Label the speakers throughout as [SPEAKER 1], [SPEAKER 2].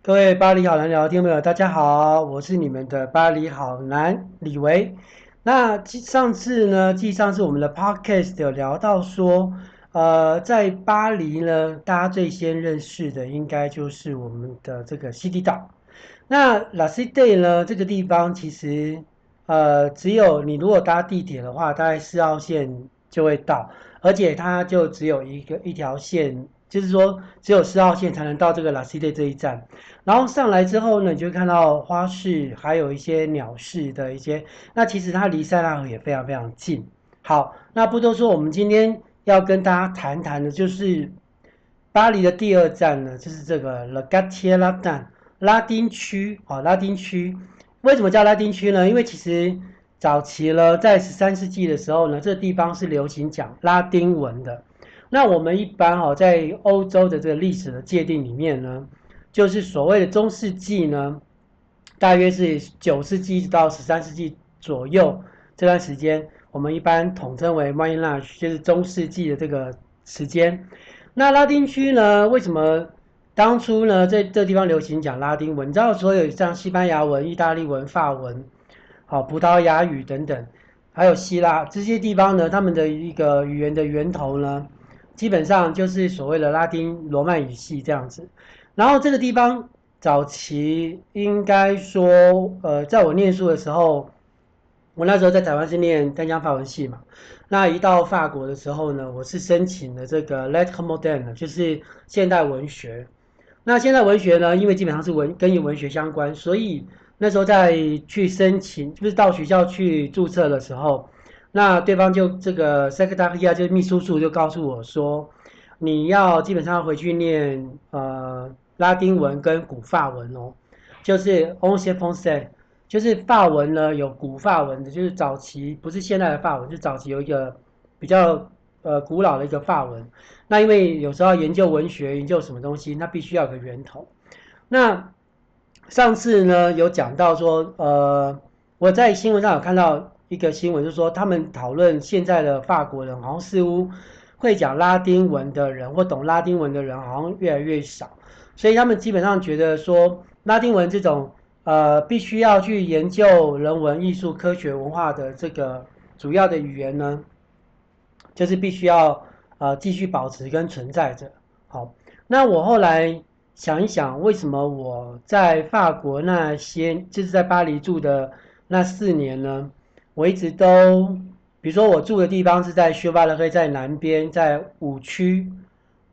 [SPEAKER 1] 各位巴黎好男聊天朋友，大家好，我是你們的巴黎好男李維。那上次呢，即上次我們的 podcast 有聊到說，呃，在巴黎呢，大家最先認識的應該就是我們的這個西堤島。那 La Cité 呢，這個地方其實，呃，只有你如果搭地鐵的話，大概四號線就會到，而且它就只有一個一條線。就是說，只有四號線才能到這個拉西列這一站，然後上來之後呢，你就會看到花市，還有一些鳥市的一些。那其實它離塞納河也非常非常近。好，那不多說，我們今天要跟大家談談的，就是巴黎的第二站呢，就是這個 Le q u a t i r n 拉丁區）哦，拉丁區。為什麼叫拉丁區呢？因為其實早期了，在十三世紀的時候呢，這個、地方是流行講拉丁文的。那我們一般哈，在歐洲的這個歷史的界定裡面呢，就是所謂的中世紀呢，大約是九世紀到十三世紀左右這段時間，我們一般統稱為 Moyen Âge，就是中世紀的這個時間。那拉丁區呢，為什麼當初呢在這地方流行講拉丁文？你知道，所有像西班牙文、意大利文、法文、好葡萄牙語等等，還有希臘這些地方呢，他們的一個語言的源頭呢？基本上就是所謂的拉丁羅曼語系這樣子，然後這個地方早期應該說，呃，在我念書的時候，我那時候在台灣是念淡江法文系嘛，那一到法國的時候呢，我是申請了這個 Lettres Modernes，就是現代文學。那現代文學呢，因為基本上是文跟與文學相關，所以那時候在去申請，就是到學校去註冊的時候。那對方就這個 secretariat，就是秘書處，就告訴我說，你要基本上回去念呃拉丁文跟古法文哦，就是 ancien français 就是法文呢，有古法文的，就是早期不是現代的法文，就早期有一個比較呃古老的一個法文。那因為有時候研究文學、研究什麼東西，那必須要有個源頭。那上次呢有講到說，呃，我在新聞上有看到。一個新聞就是說，他們討論現在的法國人好像似乎會講拉丁文的人或懂拉丁文的人好像越來越少，所以他們基本上覺得說拉丁文這種呃必須要去研究人文、藝術、科學、文化的這個主要的語言呢，就是必須要呃繼續保持跟存在着。好，那我後來想一想，為什麼我在法國那些就是在巴黎住的那四年呢？我一直都，比如說我住的地方是在修巴拉克在南邊，在五區。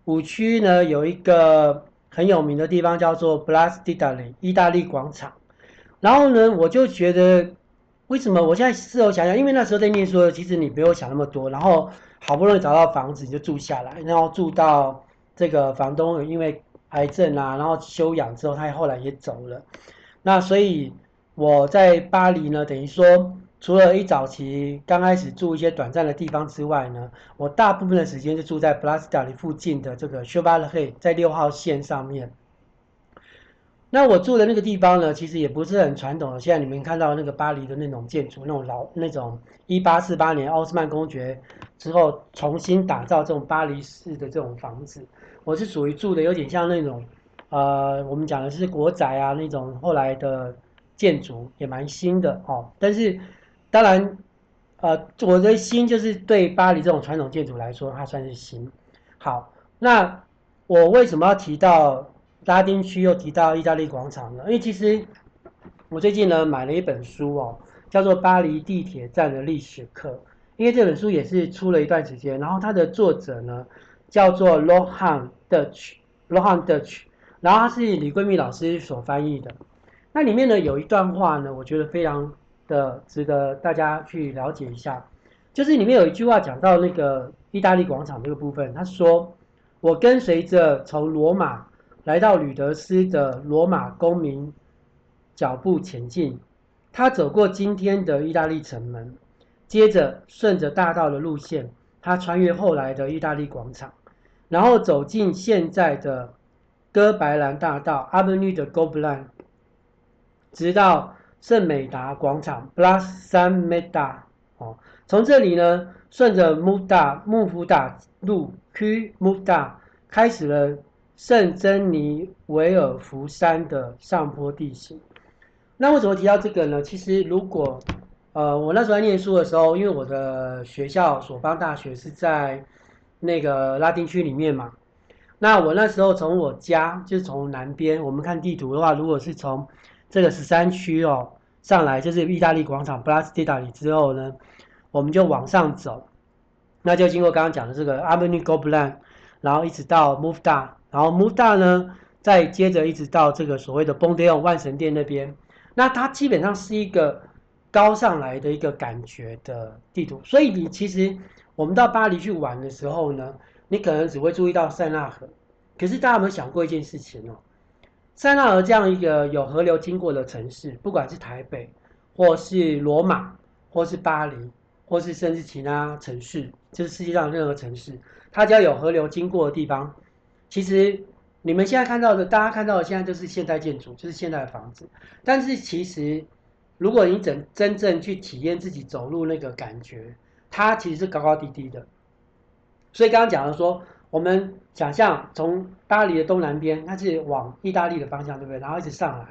[SPEAKER 1] 五區呢有一個很有名的地方叫做 Place d'Italie 意大利廣場。然後呢，我就覺得為什麼我現在事後想想，因為那時候在念書的，其實你不用想那麼多。然後好不容易找到房子你就住下來，然後住到這個房東因為癌症啊，然後休養之後，他後來也走了。那所以我在巴黎呢，等於說。除了一早期剛開始住一些短暫的地方之外呢，我大部分的時間是住在布拉斯達里附近的這個薛巴勒黑在六號線上面。那我住的那個地方呢，其實也不是很傳統的。現在你們看到那個巴黎的那種建築，那種老那種一八四八年奧斯曼公爵之後重新打造這種巴黎式的這種房子，我是屬於住的有點像那種，呃，我們講的是國宅啊那種後來的建築，也蠻新的哦，但是。當然，呃，我的心就是對巴黎這種傳統建築來說，它算是新。好，那我為什麼要提到拉丁區，又提到意大利廣場呢？因為其實我最近呢買了一本書哦，叫做《巴黎地鐵站的歷史課》，因為這本書也是出了一段時間。然後它的作者呢叫做 Lorànt Deutsch，Lorànt Deutsch，然後他是李桂蜜老師所翻譯的。那裡面呢有一段話呢，我覺得非常。的值得大家去了解一下，就是裡面有一句話講到那個意大利廣場這個部分，他說：“我跟隨着從羅馬來到呂德斯的羅馬公民腳步前進，他走過今天的意大利城門，接着順着大道的路線，他穿越後來的意大利廣場，然後走進現在的戈白蘭大道阿 v e 的 Gobelin），直到。”聖美達廣場 （Plus s m e a 哦，從這裡呢，順着穆達穆夫達路區穆達，開始了聖珍尼維爾福山的上坡地形。那為什麼提到這個呢？其實，如果呃，我那時候在念書的時候，因為我的學校索邦大學是在那個拉丁區裡面嘛，那我那時候從我家就從、是、南邊，我們看地圖的話，如果是從這個十三區哦。上來就是意大利廣場 Place d'Italie 之後呢，我們就往上走，那就經過剛剛講的這個 Avenue Gobelin 然後一直到 Mouffetard 然後 Mouffetard 呢，再接着一直到這個所謂的 Panthéon 萬神殿那邊。那它基本上是一個高上來的一個感覺的地圖。所以你其實我們到巴黎去玩的時候呢，你可能只會注意到塞納河，可是大家有沒有想過一件事情哦？塞納河這樣一個有河流經過的城市，不管是台北，或是羅馬，或是巴黎，或是甚至其他城市，就是世界上任何城市，它只要有河流經過的地方，其實你們現在看到的，大家看到的現在就是現代建築，就是現代的房子。但是其實，如果你真真正去體驗自己走路那個感覺，它其實是高高低低的。所以剛剛講的說。我們想象從巴黎的東南邊，它是往意大利的方向，對不對？然後一直上來，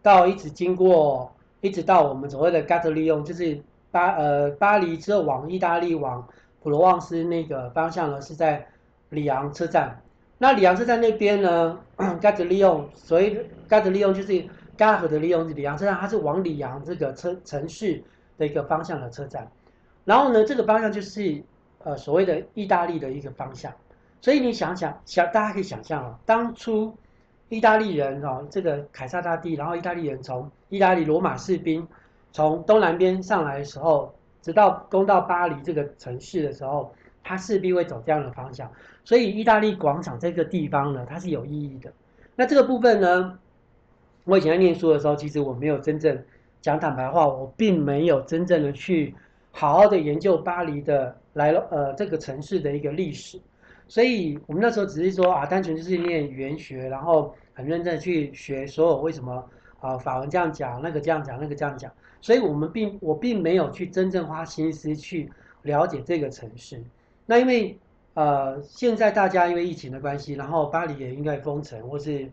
[SPEAKER 1] 到一直經過，一直到我們所謂的 Gare de Lyon，就是巴呃巴黎之後往意大利往普羅旺斯那個方向呢，是在里昂車站。那里昂車站那邊呢 Gare de Lyon，Gare de Lyon，所以 Gare de Lyon 就是 Gare de Lyon 就是 Gare de Lyon，就是里昂車站，它是往里昂這個車城市的一個方向的車站。然後呢，這個方向就是呃所謂的意大利的一個方向。所以你想想想，大家可以想象哦，當初意大利人哦，這個凱撒大帝，然後意大利人從意大利羅馬士兵從東南邊上來的時候，直到攻到巴黎這個城市的時候，他勢必會走這樣的方向。所以，意大利廣場這個地方呢，它是有意義的。那這個部分呢，我以前在念書的時候，其實我沒有真正講坦白話，我並沒有真正的去好好的研究巴黎的來了，呃，這個城市的一個歷史。所以，我們那時候只是說啊，單純就是念語言學，然後很認真去學所有為什麼啊法文這樣講，那個這樣講，那個這樣講。所以我們並我並沒有去真正花心思去了解這個城市。那因為呃現在大家因為疫情的關係，然後巴黎也應該封城或是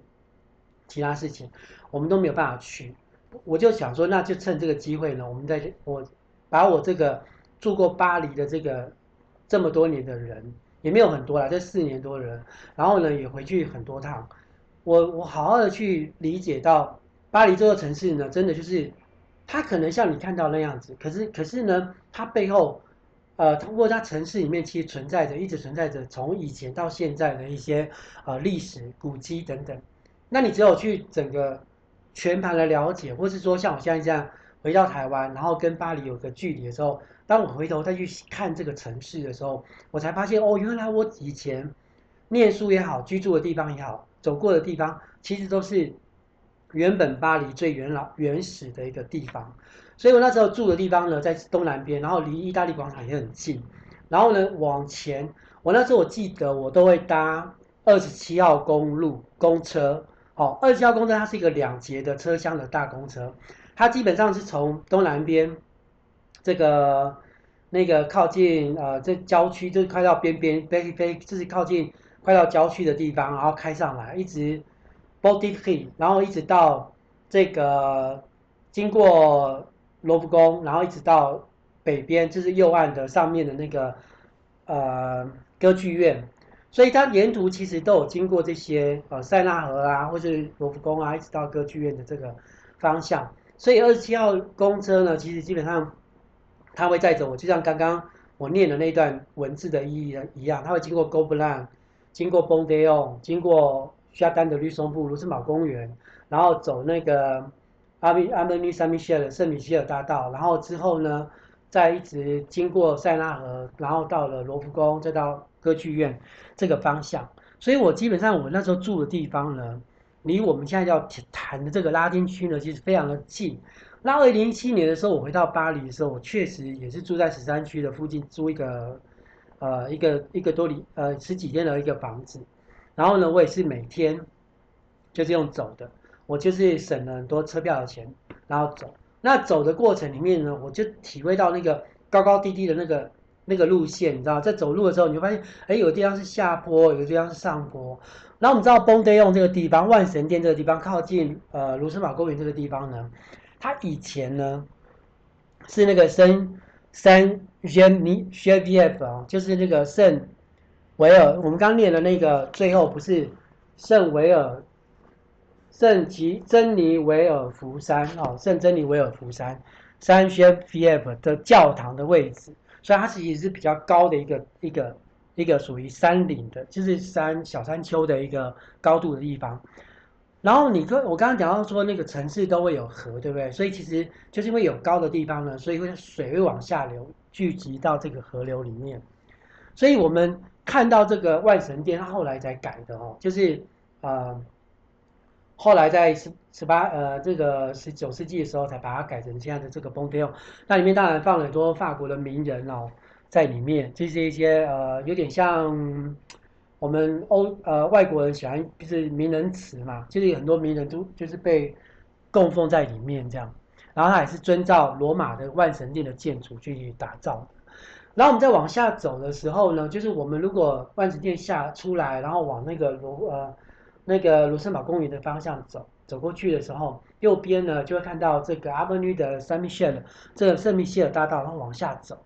[SPEAKER 1] 其他事情，我們都沒有辦法去。我就想說，那就趁這個機會呢，我們在我把我這個住過巴黎的這個這麼多年的人。也沒有很多啦，這四年多的人，然後呢也回去很多趟，我我好好的去理解到巴黎這座城市呢，真的就是，它可能像你看到那樣子，可是可是呢，它背後，呃，通過它城市裡面其實存在着，一直存在着從以前到現在的一些呃歷史古蹟等等，那你只有去整個全盤的了解，或是說像我現在這樣回到台灣，然後跟巴黎有個距離的時候。當我回頭再去看這個城市的時候，我才發現哦，原來我以前念書也好，居住的地方也好，走過的地方，其實都是原本巴黎最古老、原始的一個地方。所以我那時候住的地方呢，在東南邊，然後離意大利廣場也很近。然後呢，往前，我那時候我記得我都會搭二十七號公路公車。好、哦，二十七號公車它是一個兩節的車廂的大公車，它基本上是從東南邊。這個那個靠近呃，這郊區就是快到邊邊，北北就是靠近快到郊區的地方，然後開上來，一直，Body Hill，然後一直到這個經過羅浮宮，然後一直到北邊，就是右岸的上面的那個呃歌劇院，所以它沿途其實都有經過這些呃塞納河啊，或是羅浮宮啊，一直到歌劇院的這個方向，所以二十七號公車呢，其實基本上。他會帶著我，就像剛剛我念的那段文字的意義一樣，他會經過 Gobelin，經過 Panthéon，經過下丹的綠松布盧森堡公園，然後走那個阿米阿米尼、三米歇爾的聖米歇爾大道，然後之後呢，再一直經過塞納河，然後到了羅浮宮，再到歌劇院這個方向。所以我基本上我那時候住的地方呢，離我們現在要談的這個拉丁區呢，其實非常的近。那二零一七年的時候，我回到巴黎的時候，我確實也是住在十三區的附近，租一個，呃，一個一個多里呃十幾天的一個房子。然後呢，我也是每天就是用走的，我就是省了很多車票的錢，然後走。那走的過程裡面呢，我就體會到那個高高低低的那個那個路線，你知道，在走路的時候，你就發現，哎，有的地方是下坡，有的地方是上坡。然後我們知道，Panthéon 這個地方，萬神殿這個地方，靠近呃盧森堡公園這個地方呢。他以前呢，是那個聖山宣彌宣彌耶啊，就是那個聖維爾，我們剛念的那個最後不是聖維爾，聖吉珍尼維爾福山啊，聖珍尼維爾福山山宣彌耶伯的教堂的位置，所以它其實是比較高的一個一個一個屬於山嶺的，就是山小山丘的一個高度的地方。然後你跟我剛剛講到說那個城市都會有河，對不對？所以其實就是因為有高的地方呢，所以會水會往下流，聚集到這個河流裡面。所以我們看到這個萬神殿，它後來才改的哦，就是呃後來在十十八呃這個十九世紀的時候才把它改成現在的這個 Panthéon。那裡面當然放了很多法國的名人哦在裡面，這是一些呃有點像。我們歐呃外國人喜歡就是名人祠嘛，其實有很多名人都就是被供奉在裡面這樣，然後他也是遵照羅馬的萬神殿的建築去打造的。然後我們再往下走的時候呢，就是我們如果萬神殿下出來，然後往那個盧呃那個盧森堡公園的方向走走過去的時候，右邊呢就會看到這個 Avenue 的聖米歇爾，這個聖米歇爾大道，然後往下走。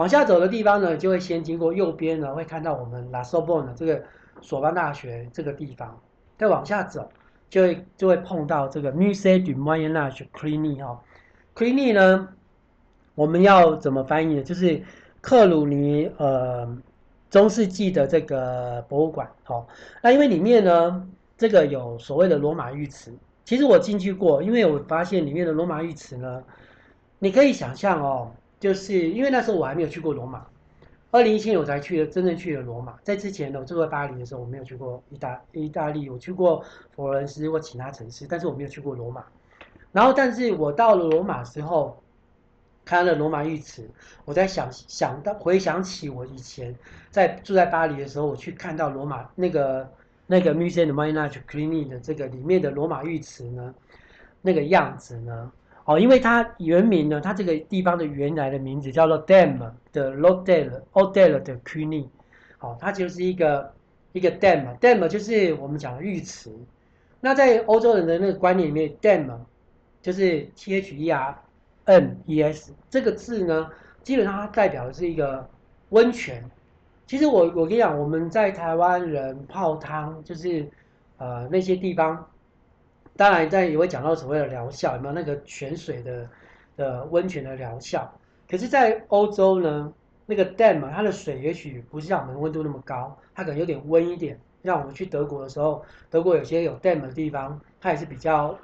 [SPEAKER 1] 往下走的地方呢，就會先經過右邊呢，會看到我們 La Sorbonne 這個索邦大學這個地方。再往下走，就會就會碰到這個 Musée du Moyen Age Cluny 哦。Cluny 呢，我們要怎麼翻譯呢？就是克魯尼呃，中世紀的這個博物館哦。那因為裡面呢，這個有所謂的羅馬浴池，其實我進去過，因為我發現裡面的羅馬浴池呢，你可以想象哦。就是因為那時候我還沒有去過羅馬，二零一七年我才去了真正去了羅馬。在之前呢，我住在巴黎的時候，我沒有去過意大意大利，我去過佛羅倫斯或其他城市，但是我沒有去過羅馬。然後，但是我到了羅馬之後，看了羅馬浴池，我在想想到回想起我以前在住在巴黎的時候，我去看到羅馬那個那個 Musée du Moyen Âge Cluny 的這個裡面的羅馬浴池呢，那個樣子呢。哦，因為它原名呢，它這個地方的原來的名字叫做 Thermes 的 l o d d e Odell 的 Cluny，好、哦，它就是一個一個 Thermes，Thermes 就是我們講的浴池。那在歐洲人的那個觀念裡面，Thermes 就是 T H E R M E S 這個字呢，基本上它代表的是一個溫泉。其實我我跟你講，我們在台灣人泡湯就是呃那些地方。當然，但也會講到所謂的療效，有沒有那個泉水的，呃，溫泉的療效？可是，在歐洲呢，那個 dam 它的水也許不是像我們溫度那麼高，它可能有點溫一點。像我們去德國的時候，德國有些有 dam 的地方，它也是比較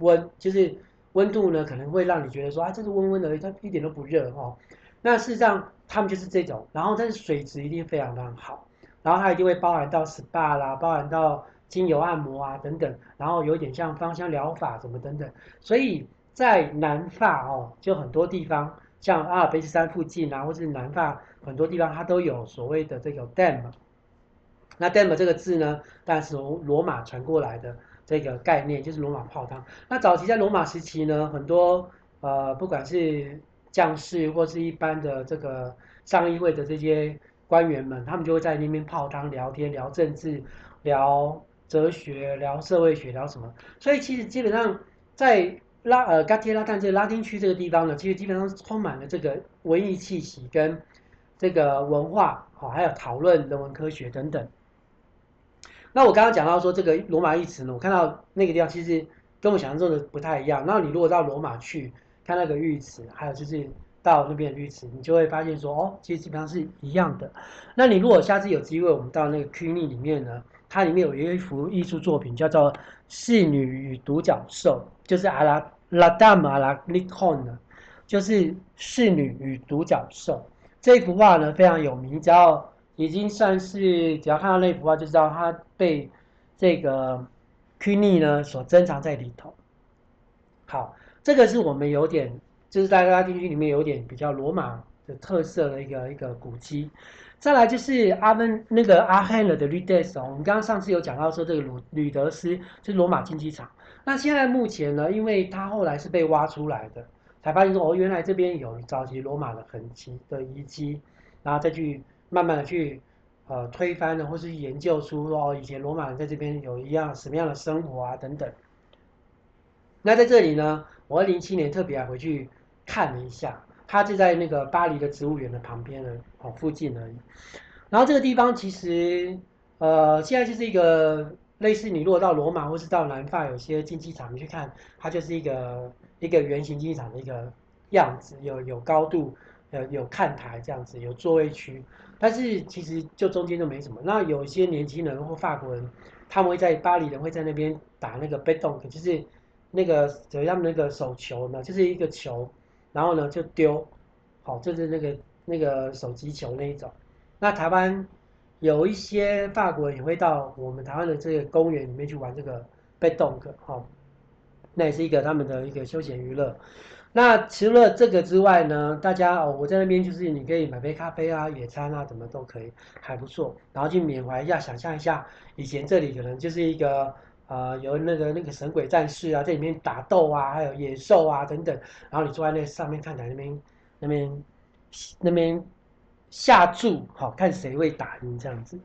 [SPEAKER 1] 溫，就是溫度呢可能會讓你覺得說啊，這是溫溫的，它一點都不熱哦。那事實上，他們就是這種，然後它的水質一定非常非常好，然後它一定會包含到 spa 啦，包含到。精油按摩啊，等等，然後有點像芳香療法，什麼等等，所以在南法哦，就很多地方，像阿爾卑斯山附近啊，或是南法很多地方，它都有所謂的這個 dam。那 dam 這個字呢，但是從羅馬傳過來的這個概念，就是羅馬泡湯。那早期在羅馬時期呢，很多呃不管是將士或是一般的這個上議會的這些官員們，他們就會在那邊泡湯聊天、聊政治、聊。哲學，聊社會學，聊什麼？所以其實基本上在拉呃 Quartier Latin 拉丁區這個地方呢，其實基本上充滿了這個文藝氣息跟這個文化哦，還有討論人文科學等等。那我剛剛講到說這個羅馬浴池呢，我看到那個地方其實跟我想象中的不太一樣。那你如果到羅馬去看那個浴池，還有就是到那邊的浴池，你就會發現說哦，其實基本上是一樣的。那你如果下次有機會，我們到那個 Cluny 裡面呢？它裡面有一幅藝術作品，叫做《仕女與獨角獸》，就是《la Dame à la licorne》呢，就是《仕女與獨角獸》這幅畫呢，非常有名，只要已經算是只要看到那幅畫，就知道它被這個 Cluny 呢所珍藏在裡頭。好，這個是我們有點，就是在拉丁區裡面有點比較羅馬的特色的一個一個古蹟。再來就是阿門，那個阿漢勒的呂德斯哦，我們剛剛上次有講到說這個呂呂德斯就是羅馬競技場。那現在目前呢，因為他後來是被挖出來的，才發現說哦，原來這邊有早期羅馬的痕跡的遺跡，然後再去慢慢的去呃推翻呢，或是去研究出哦以前羅馬人在這邊有一樣什麼樣的生活啊等等。那在這裡呢，我二零一七年特別回去看了一下。它就在那個巴黎的植物園的旁邊呢，哦，附近而已。然後這個地方其實，呃，現在就是一個類似你如果到羅馬或是到南法，有些競技場你去看，它就是一個一個圓形競技場的一個樣子，有有高度，呃，有看台這樣子，有座位區。但是其實就中間就沒什麼。那有一些年輕人或法國人，他們會在巴黎人會在那邊打那個被動，就是那個怎樣那個手球呢，就是一個球。然後呢，就丟，好、哦，就是那個那個手擲球那一種。那台灣有一些法國人也會到我們台灣的這個公園裡面去玩這個 pétanque 的哦，那也是一個他們的一個休閒娛樂。那除了這個之外呢，大家，哦，我在那邊就是你可以買杯咖啡啊、野餐啊，怎麼都可以，還不錯。然後去緬懷一下，想象一下以前這裡可能就是一個。啊、呃，有那個那個神鬼戰士啊，在裡面打鬥啊，還有野獸啊等等，然後你坐在那上面看來那，那邊那邊那邊下注，好，看誰會打贏這樣子。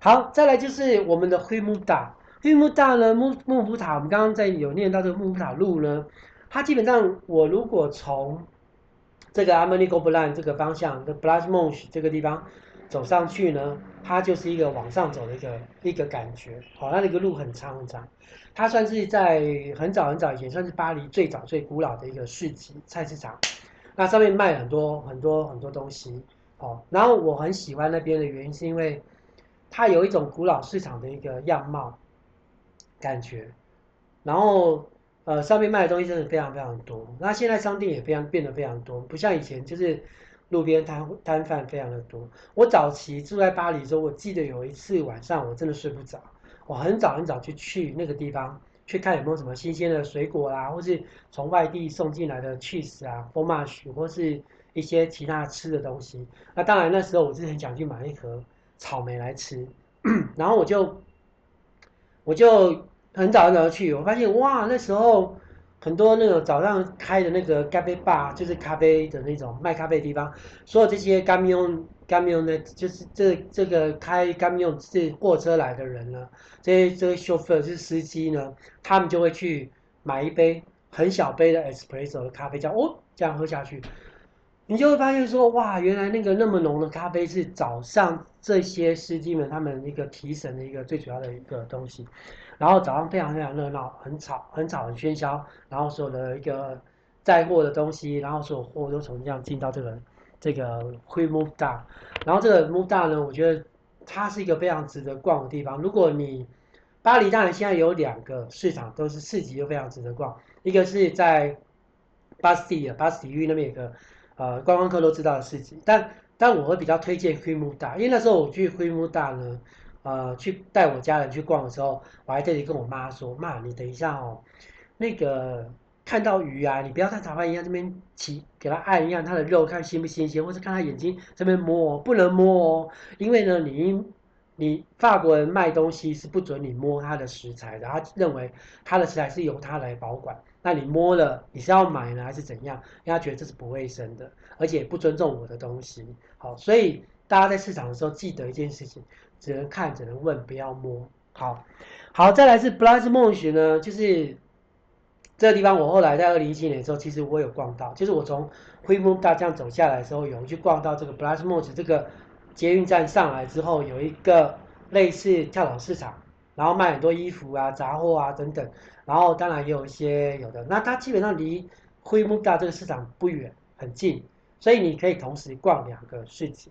[SPEAKER 1] 好，再來就是我們的灰木大，灰木大呢，慕慕浮塔，我們剛剛在有念到這個慕浮塔路呢，它基本上我如果從這個阿曼尼格布蘭這個方向的布拉什蒙這個地方。走上去呢，它就是一個往上走的一個一個感覺，好、哦，那那個路很長很長，它算是在很早很早以前，算是巴黎最早最古老的一個市集菜市場，那上面賣很多很多很多東西，好、哦，然後我很喜歡那邊的原因是因為，它有一種古老市場的一個樣貌，感覺，然後呃上面賣的東西真的非常非常多，那現在商店也非常變得非常多，不像以前就是。路邊攤攤販非常的多。我早期住在巴黎時候，我記得有一次晚上我真的睡不着，我很早很早就去那個地方去看有沒有什麼新鮮的水果啦、啊，或是從外地送進來的 cheese 啊 fromage 或是一些其他吃的東西。那當然那時候我之前想去買一盒草莓來吃，然後我就我就很早很早就去，我發現哇那時候。很多那種早上開的那個咖啡吧，就是咖啡的那種賣咖啡的地方，所有這些 camion camion 呢，就是這這個開 camion 這貨車來的人呢，這些這些 chauffeur 是司機呢，他們就會去買一杯很小杯的 espresso 的咖啡，這樣，哦這樣喝下去，你就會發現說哇，原來那個那麼濃的咖啡是早上這些司機們他們一個提神的一個最主要的一個東西。然後早上非常非常熱鬧，很吵很吵很喧囂。然後所有的一個載貨的東西，然後所有貨都從這樣進到這個這個 q u i m u d a 然後這個 m u d a 呢，我覺得它是一個非常值得逛的地方。如果你巴黎當然現在有兩個市場，都是市集，又非常值得逛。一個是在巴斯底的巴斯底獄那邊有個呃觀光客都知道的市集，但但我會比較推薦 q u i m u d a 因為那時候我去 q u i m u d a 呢。呃，去帶我家人去逛的時候，我還特地跟我媽說：“媽，你等一下哦、喔，那個看到魚啊，你不要在炒飯一樣這邊起，給它按一按它的肉，看新不新鮮，或是看它眼睛這邊摸、喔，不能摸哦、喔，因為呢，你你法國人賣東西是不准你摸它的食材的，他認為它的食材是由他來保管，那你摸了，你是要買呢還是怎樣？因為他覺得這是不衛生的，而且不尊重我的東西。好，所以。”大家在市場的時候，記得一件事情：只能看，只能問，不要摸。好，好，再來是 Place Monge 學呢，就是這個地方。我後來在二零一七年的時候，其實我有逛到，就是我從慕浮塔將走下來的時候，有人去逛到這個 Place Monge 這個捷運站上來之後，有一個類似跳蚤市場，然後賣很多衣服啊、雜貨啊等等，然後當然也有一些有的。那它基本上離慕浮塔這個市場不遠，很近，所以你可以同時逛兩個市場。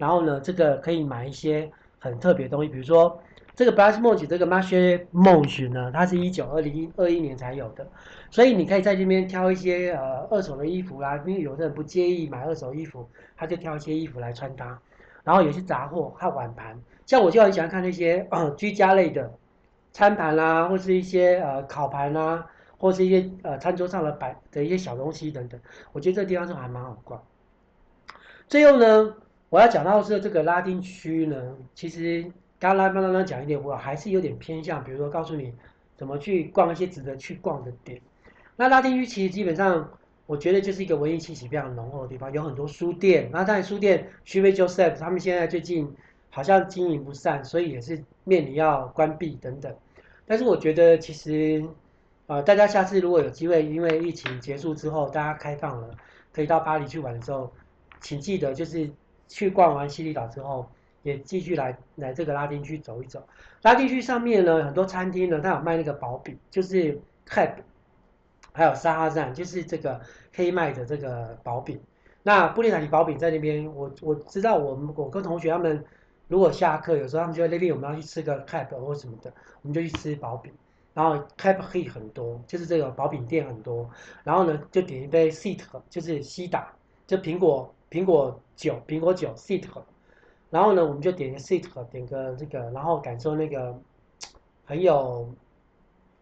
[SPEAKER 1] 然後呢，這個可以買一些很特別的東西，比如說這個 Place Monge 這個 Marché Monge 呢，它是一九二零二一年才有的，所以你可以在這邊挑一些呃二手的衣服啦、啊。因為有的人不介意買二手衣服，他就挑一些衣服來穿搭。然後有些雜貨和碗盤，像我就很喜歡看那些、呃、居家類的餐盤啦、啊，或是一些呃烤盤啦、啊，或是一些呃餐桌上的擺的一些小東西等等，我覺得這個地方是還蠻好逛。最後呢。我要講到的是這個拉丁區呢，其實剛剛剛剛講一點，我還是有點偏向，比如說告訴你怎麼去逛一些值得去逛的店。那拉丁區其實基本上，我覺得就是一個文藝氣息非常濃厚的地方，有很多書店。那當然書店 Gibert Joseph 他們現在最近好像經營不善，所以也是面臨要關閉等等。但是我覺得其實呃，大家下次如果有機會，因為疫情結束之後大家開放了，可以到巴黎去玩的時候，請記得就是。去逛完西堤島之後，也繼續來來這個拉丁區走一走。拉丁區上面呢，很多餐廳呢，它有賣那個薄餅，就是 cap，還有沙拉醬，就是這個黑麥的這個薄餅。那布列塔尼薄餅在那邊，我我知道，我們我跟同學他們，如果下課有時候他們就那邊我們要去吃個 cap 或什麼的，我們就去吃薄餅。然後 cap he 很多，就是這個薄餅店很多。然後呢，就點一杯 seat，就是西打，就蘋果。蘋果酒，蘋果酒，Sit，然後呢，我們就點個 Sit，點個這個，然後感受那個很有，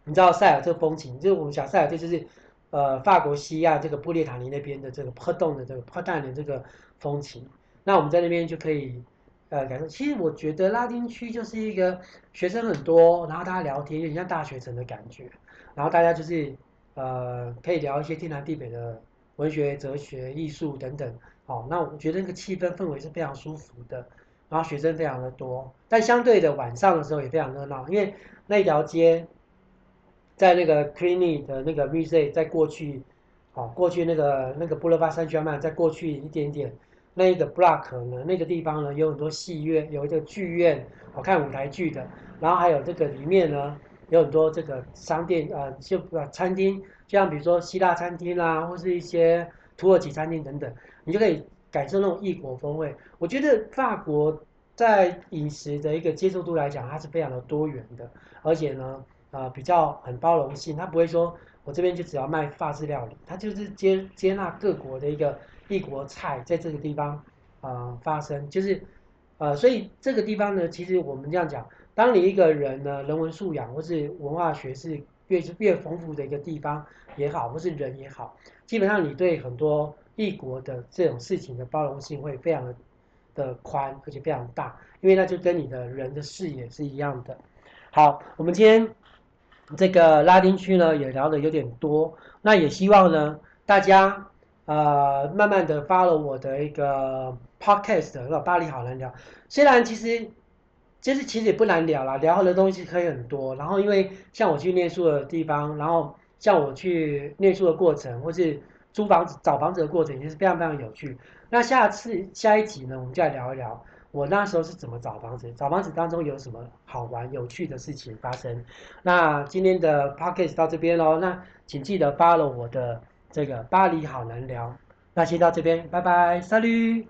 [SPEAKER 1] 你知道塞爾特這個風情，就是我們講塞爾特，這就是呃法國西亞這個布列塔尼那邊的這個破洞的這個破蛋的這個風情。那我們在那邊就可以呃感受。其實我覺得拉丁區就是一個學生很多，然後大家聊天有點像大學城的感覺，然後大家就是呃可以聊一些天南地北的文學、哲學、藝術等等。好、哦，那我們覺得那個氣氛氛圍是非常舒服的，然後學生非常的多，但相對的晚上的時候也非常熱鬧，因為那一條街，在那個 Cluny 的那個 musée 在過去，好、哦、過去那個那個布勒巴山圈曼在過去一點一點那一個 block 呢，那個地方呢有很多戲院，有一個劇院，好、哦、看舞台劇的，然後還有這個裡面呢有很多這個商店啊，就、呃、餐廳，像比如說希臘餐廳啦、啊，或是一些土耳其餐廳等等。你就可以感受那種異國風味。我覺得法國在飲食的一個接受度來講，它是非常的多元的，而且呢，呃，比較很包容性。它不會說我這邊就只要賣法式料理，它就是接接納各國的一個異國菜在這個地方，呃，發生就是，呃，所以這個地方呢，其實我們這樣講，當你一個人呢人文素養或是文化學識越是越豐富的一個地方也好，或是人也好，基本上你對很多。異國的這種事情的包容性會非常的寬，而且非常大，因為那就跟你的人的視野是一樣的。好，我們今天這個拉丁區呢也聊得有點多，那也希望呢大家呃慢慢的 follow 我的一個 podcast，叫《巴黎好男聊》，雖然其實其實其實也不難聊啦，聊的東西可以很多。然後因為像我去念書的地方，然後像我去念書的過程，或是租房子、找房子的過程也是非常非常有趣。那下次，下一集呢，我們就來聊一聊我那時候是怎麼找房子，找房子當中有什麼好玩、有趣的事情發生。那今天的 podcast 到這邊嘍，那請記得 follow 我的這個巴黎好男聊。那先到這邊，拜拜，Salut。